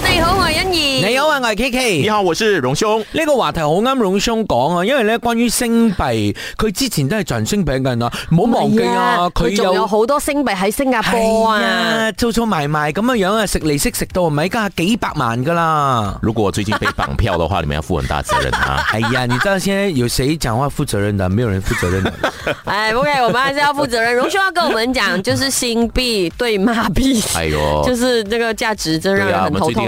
你好，我係欣怡。你好，我係 K K。你好，我是榮兄。呢個話題好啱榮兄講啊，因為咧關於星幣，佢之前都係賺星幣嘅人啊，唔好忘記啊。佢仲有好多星幣喺新加坡啊，做做埋埋咁樣樣啊，食利息食到咪家幾百萬噶啦。如果我最近被綁票嘅話，你們要負很大責任啊。哎呀，你知道現在有誰講話負責任的？沒有人負責任。哎，OK，我們還是要負責任。榮兄要跟我們講，就是星幣對馬幣，哎呦，就是呢個價值真讓人很頭痛。